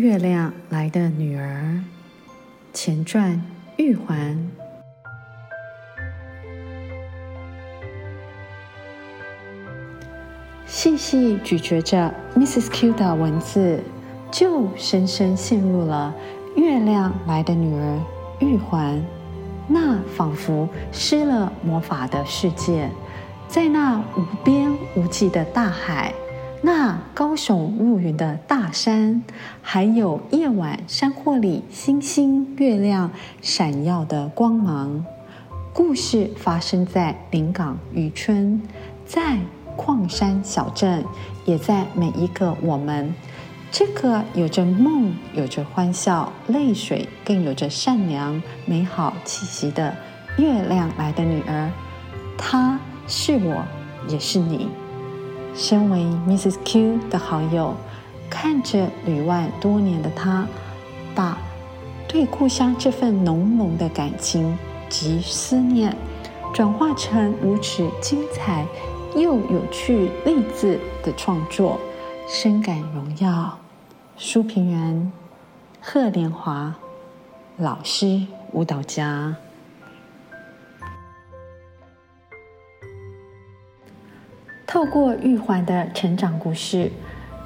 月亮來的女兒前傳玉環，細細咀嚼着 Mrs. Q 的文字，就深深陷入了月亮來的女兒玉環那仿佛施了魔法的世界，在那無邊無際的大海。那高聳入雲的大山，還有夜晚山壑裡星星、月亮閃耀的光芒。故事發生在臨港漁村，在礦山小鎮，也在每一個我們。這個有着夢、有着歡笑、淚水，更有着善良、美好氣息的月亮來的女兒，她是我，也是妳。身為 Mrs. Q 的好友，看着旅外多年的她，把對故鄉這份濃濃的感情及思念，轉化成如此精彩又有趣勵志的創作，深感榮耀。書評人賀連華，老師，舞蹈家。透過玉環的成長故事，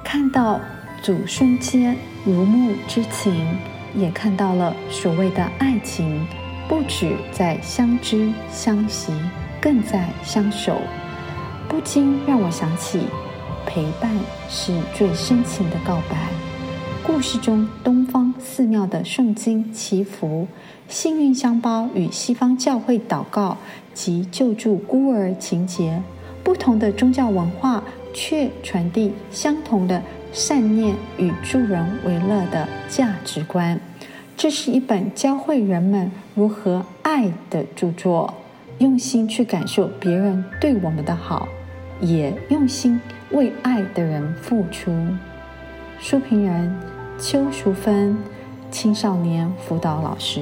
看到祖孫間孺慕之情，也看到了所謂的愛情，不只在相知相惜，更在相守。不禁讓我想起，陪伴是最深情的告白。故事中，東方寺廟的誦經祈福、幸運香包與西方教會禱告及救助孤兒情節。不同的宗教文化卻傳遞相同的善念與助人為樂的價值觀。這是一本教會人們如何愛的著作，用心去感受別人對我們的好，也用心為愛的人付出。書評人邱淑芬，青少年輔導老師。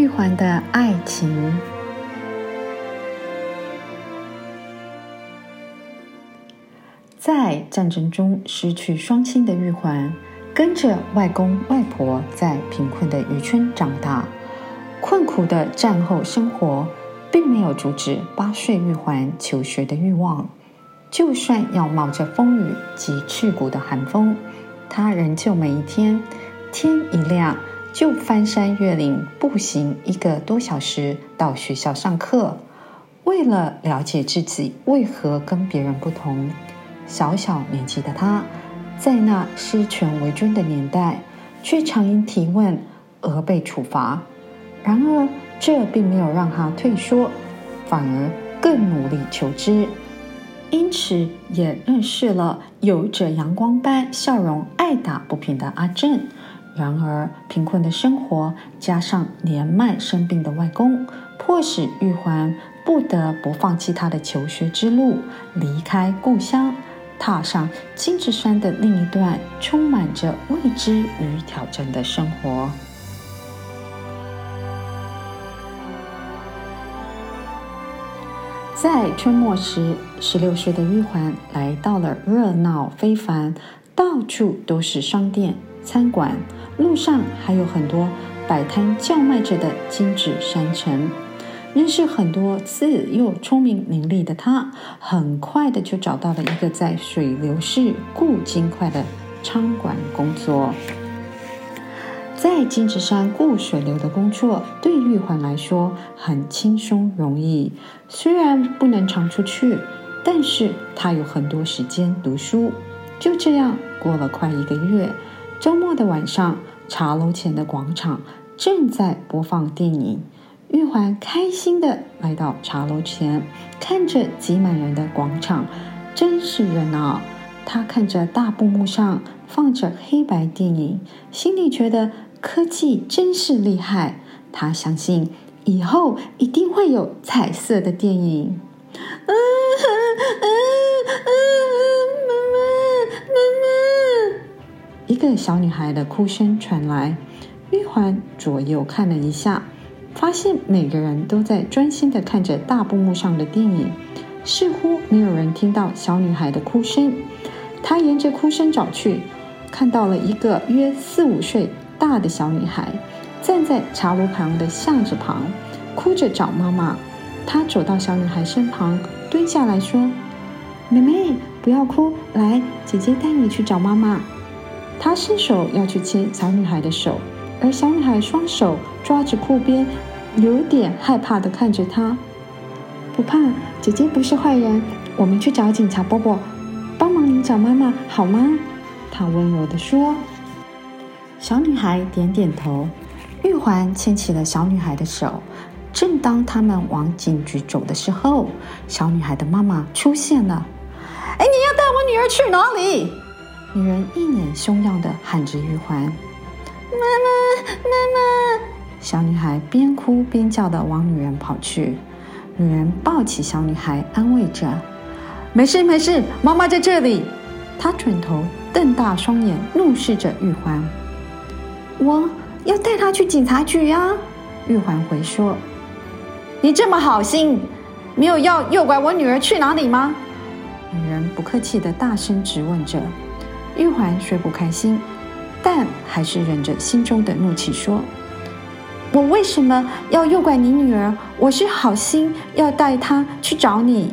玉環的愛情，在戰爭中失去雙親的玉環，跟着外公外婆在貧困的漁村長大。困苦的戰後生活，並沒有阻止八歲玉環求學的慾望。就算要冒着風雨及刺骨的寒風，她仍舊每一天天一亮，就翻山越嶺步行一個多小時到學校上課，為了了解自己為何跟別人不同，小小年紀的他，在那師權為尊的年代，卻常因提問而被處罰。然而，這並沒有讓他退縮，反而更努力求知，因此也認識了有着陽光般笑容、愛打不平的阿正。然而，貧困的生活加上年邁生病的外公，迫使玉環不得不放棄她的求學之路，離開故鄉，踏上金池山的另一段充滿着未知與挑戰的生活。在春末時，十六歲的玉環來到了熱鬧非凡、到處都是商店、餐館，路上還有很多擺攤叫賣着的金紙山城，認識很多字又聰明伶俐的他，很快的就找到了一個在水流市雇金塊的餐館工作。在金子山雇水流的工作對於玉環來說很輕鬆容易，雖然不能常出去，但是他有很多時間讀書。就這樣過了快一個月，週末的晚上。茶樓前的廣場正在播放電影，玉環開心的來到茶樓前，看着擠滿人的廣場，真是熱鬧。她看着大屏幕上放着黑白電影，心裡覺得科技真是厲害。她相信以後一定會有彩色的電影。嗯。小女孩的哭聲傳來，玉環左右看了一下，發現每個人都在專心的看着大屏幕上的電影，似乎沒有人聽到小女孩的哭聲。她沿着哭聲找去，看到了一個約四五歲大的小女孩，站在茶爐旁的巷子旁，哭着找媽媽。她走到小女孩身旁，蹲下來說：“妹妹，不要哭，來，姐姐帶你去找媽媽。”他伸手要去牽小女孩的手，而小女孩雙手抓着褲邊，有點害怕的看着他。不怕，姐姐不是壞人，我們去找警察伯伯幫忙你找媽媽好嗎？他溫柔的說。小女孩點點頭。玉環牽起了小女孩的手。正當他們往警局走的時候，小女孩的媽媽出現了。哎，你要帶我女兒去哪裡？女人一臉凶樣地喊着玉環：“媽媽，媽媽！”小女孩邊哭邊叫地往女人跑去。女人抱起小女孩，安慰着：“沒事，沒事，媽媽在這裡。”她轉頭瞪大雙眼，怒視着玉環：“我要帶她去警察局呀！”玉環回說：“你這麼好心，沒有要誘拐我女兒去哪裡嗎？”女人不客氣地大聲質問着。玉環雖不開心，但還是忍着心中的怒氣說：“我為什麼要誘拐你女兒？我是好心要帶她去找你。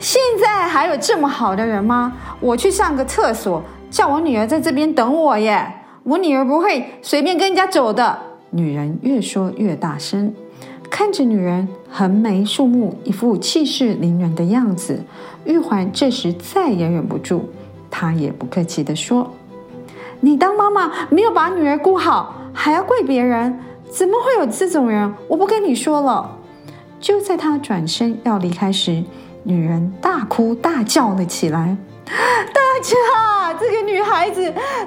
現在還有這麼好的人嗎？我去上個廁所，叫我女兒在這邊等我耶！我女兒不會隨便跟人家走的。”女人越說越大聲，看着女人橫眉豎目，一副氣勢淩人的樣子，玉環這時再也忍不住。他也不客氣的說：“你當媽媽沒有把女兒顧好，還要怪別人，怎麼會有這種人？我不跟你說了。”就在他轉身要離開時，女人大哭大叫了起來：“大家，這個女孩子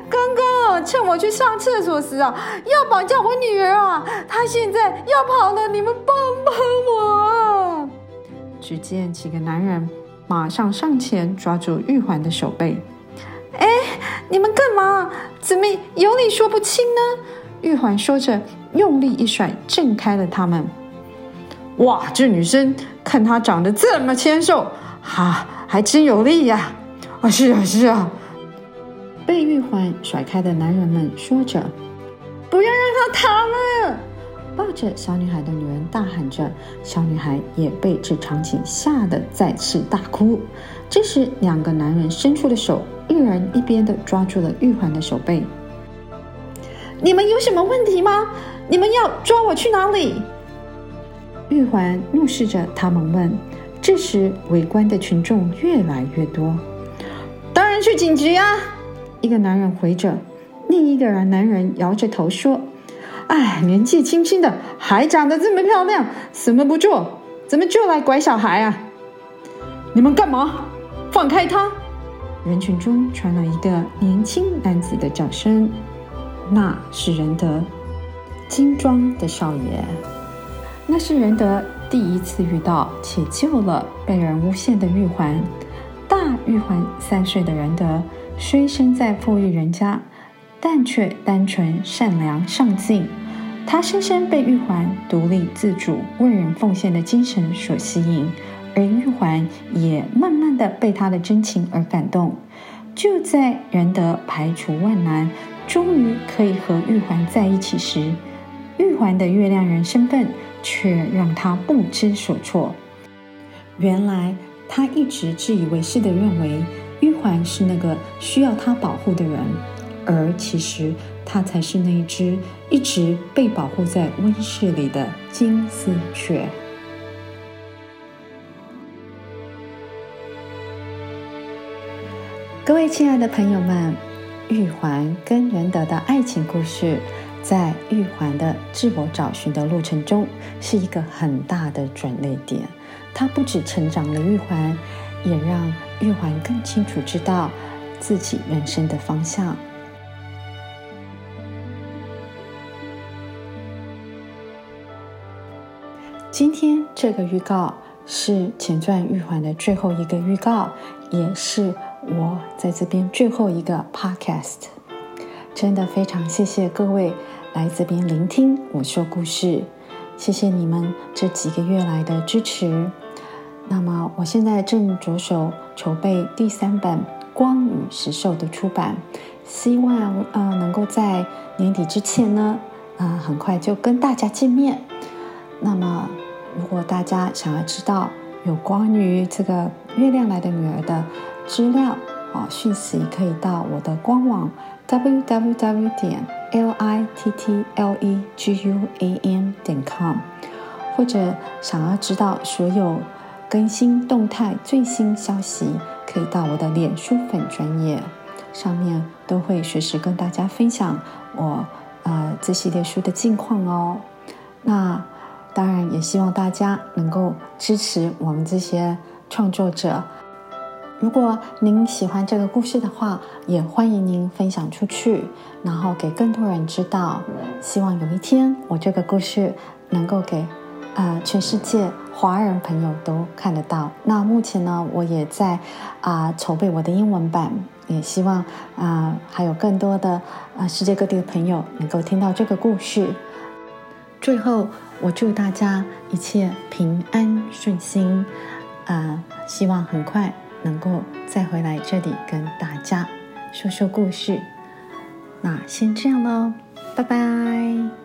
剛剛啊，趁我去上廁所時啊，要綁架我女兒啊！她現在要跑了，你們幫幫我！”只見幾個男人馬上上前抓住玉環的手背。你們幹嘛？怎麼有理說不清呢？玉環說着，用力一甩，震開了他們。哇，這女生，看她長得這麼纖瘦，哈、啊，還真有力呀、啊！啊、哦，是啊，是啊。被玉環甩開的男人們說着：“不要讓她逃了。”抱着小女孩的女人大喊着，小女孩也被這場景嚇得再次大哭。這時，兩個男人伸出了手，一人一邊的抓住了玉環的手背。你們有什麼問題嗎？你們要抓我去哪裡？玉環怒視着他們問。這時，圍觀的群眾越來越多。當然去警局啊！一個男人回着，另一個男人搖着頭說。哎，年紀輕輕的還長得這麼漂亮，什麼不做，怎麼就來拐小孩啊？你們幹嘛？放開他！人群中傳來一個年輕男子的叫聲，那是仁德，金裝的少爺。那是仁德第一次遇到且救了被人誣陷的玉環。大玉環三歲的仁德，雖生在富裕人家，但卻單純善良、上進。他深深被玉環獨立自主、為人奉獻的精神所吸引，而玉環也慢慢的被他的真情而感動。就在仁德排除萬難，終於可以和玉環在一起時，玉環的月亮人身份卻讓他不知所措。原來他一直自以為是的認為玉環是那個需要他保護的人，而其實。他才是那一隻一直被保護在溫室裡的金絲雀。各位親愛的朋友們，玉環跟仁德的愛情故事，在玉環的自我找尋的路程中，是一個很大的轉捩點。他不只成長了玉環，也讓玉環更清楚知道自己人生的方向。今天這個預告是前傳玉環的最後一個預告，也是我在這邊最後一個 podcast。真的非常謝謝各位來這邊聆聽我說故事，謝謝你們這幾個月來的支持。那麼我現在正着手籌備第三本《光與石獸》的出版，希望呃能夠在年底之前呢，啊、呃，很快就跟大家見面。那麼。如果大家想要知道有關於這個月亮來的女兒的資料啊訊息，可以到我的官網 www 點 l i t t l e g u a m 點 com，或者想要知道所有更新動態、最新消息，可以到我的臉書粉專頁，上面都會隨時跟大家分享我呃這系列書的近況哦。那。當然，也希望大家能夠支持我們這些創作者。如果您喜歡這個故事的話，也歡迎您分享出去，然後給更多人知道。希望有一天，我這個故事能夠給啊、呃、全世界華人朋友都看得到。那目前呢，我也在啊、呃、籌備我的英文版，也希望啊、呃、還有更多的啊、呃、世界各地的朋友能夠聽到這個故事。最後。我祝大家一切平安順心，啊、呃、希望很快能夠再回來這裡跟大家說說故事。那先這樣嘍，拜拜。